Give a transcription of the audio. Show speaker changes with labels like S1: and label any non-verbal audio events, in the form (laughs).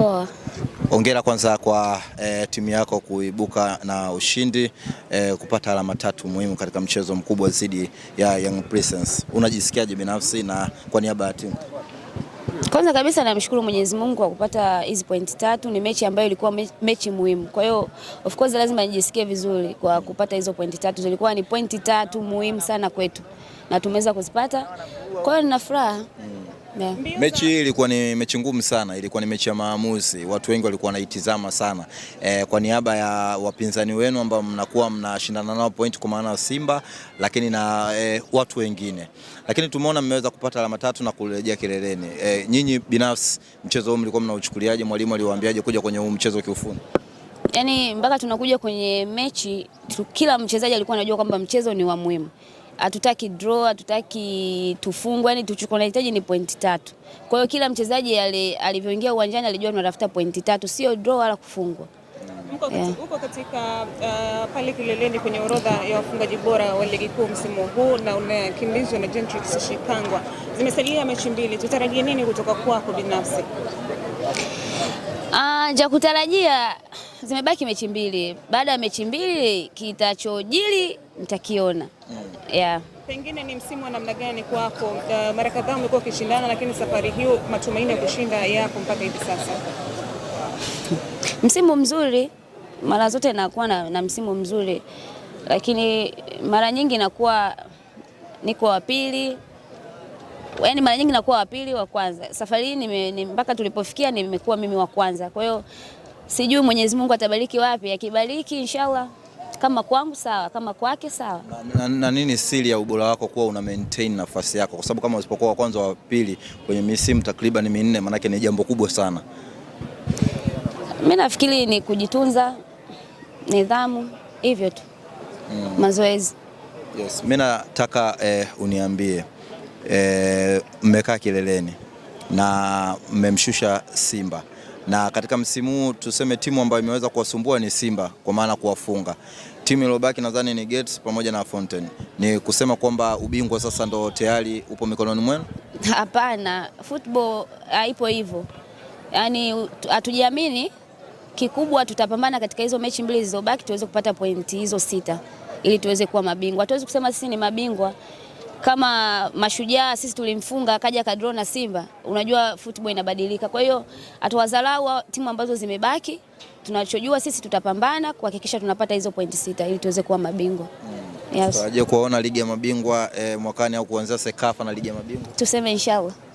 S1: Poa. Hongera kwanza kwa e, timu yako kuibuka na ushindi e, kupata alama tatu muhimu katika mchezo mkubwa dhidi ya Young Princess. Unajisikiaje binafsi na kwa niaba ya timu?
S2: Kwanza kabisa namshukuru Mwenyezi Mungu kwa kupata hizi pointi tatu. Ni mechi ambayo ilikuwa mechi muhimu, kwa hiyo of course lazima nijisikie vizuri kwa kupata hizo pointi tatu. Zilikuwa ni pointi tatu muhimu sana kwetu na tumeweza kuzipata, kwa hiyo nina furaha. Mm.
S1: Yeah. Mechi hii ilikuwa ni mechi ngumu sana, ilikuwa ni mechi ya maamuzi, watu wengi walikuwa wanaitizama sana e, kwa niaba ya wapinzani wenu ambao mnakuwa mnashindana nao point kwa maana Simba, lakini na e, watu wengine, lakini tumeona mmeweza kupata alama tatu na kurejea kileleni. E, nyinyi binafsi mchezo huu mlikuwa mnauchukuliaje? Mwalimu aliwaambiaje kuja kwenye huu mchezo kiufundi?
S2: Yaani mpaka tunakuja kwenye mechi tu, kila mchezaji alikuwa anajua kwamba mchezo ni wa muhimu hatutaki draw, hatutaki tufungwe, yani tuchukue, tunahitaji ni pointi tatu. Kwa hiyo kila mchezaji alivyoingia uwanjani alijua tunatafuta pointi tatu, sio draw wala kufungwa.
S3: Mko yeah. Uko katika uh, pale kileleni kwenye orodha ya wafungaji bora wa ligi kuu msimu huu na unakimbizwa na Gentrix Shikangwa. Zimesalia mechi mbili, tutarajie nini kutoka kwako binafsi?
S2: Ah, ja kutarajia, zimebaki mechi mbili. Baada ya mechi mbili kitachojili nitakiona mm. yeah.
S3: Pengine ni msimu wa namna gani kwako? Uh, mara kadhaa umekuwa ukishindana, lakini safari hiyo matumaini ya kushinda yapo mpaka hivi sasa?
S2: (laughs) Msimu mzuri mara zote nakuwa na, na msimu mzuri, lakini mara nyingi nakuwa niko wa pili, yaani mara nyingi nakuwa wa pili wa kwanza. Safari hii mpaka tulipofikia nimekuwa mimi wa kwanza, kwa hiyo sijui Mwenyezi Mungu atabariki wapi, akibariki inshallah kama kwangu sawa, kama kwake sawa.
S1: Na, na, na nini siri ya ubora wako kuwa una maintain nafasi yako, kwa sababu kama usipokuwa wa kwanza wa pili kwenye misimu takriban minne, maanake ni jambo kubwa sana.
S2: Mimi nafikiri ni kujitunza, nidhamu, hivyo tu mm. Mazoezi.
S1: Yes, mimi nataka eh, uniambie eh, mmekaa kileleni na mmemshusha Simba na katika msimu huu tuseme timu ambayo imeweza kuwasumbua ni Simba kwa maana kuwafunga. Timu iliyobaki nadhani ni Gates pamoja na Fountain. Ni kusema kwamba ubingwa sasa ndo tayari upo mikononi mwenu?
S2: Hapana, football haipo hivyo, yaani hatujiamini. Kikubwa tutapambana katika hizo mechi mbili zilizobaki tuweze kupata pointi hizo sita ili tuweze kuwa mabingwa. Hatuwezi kusema sisi ni mabingwa kama Mashujaa sisi tulimfunga akaja kadro na Simba, unajua football inabadilika. Kwa hiyo hatuwadharau timu ambazo zimebaki, tunachojua sisi tutapambana kuhakikisha tunapata hizo pointi sita ili tuweze kuwa mabingwa.
S1: Yes. Tutarajia kuwaona ligi ya mabingwa eh, mwakani au kuanzia Sekafa na ligi ya mabingwa,
S2: tuseme inshallah.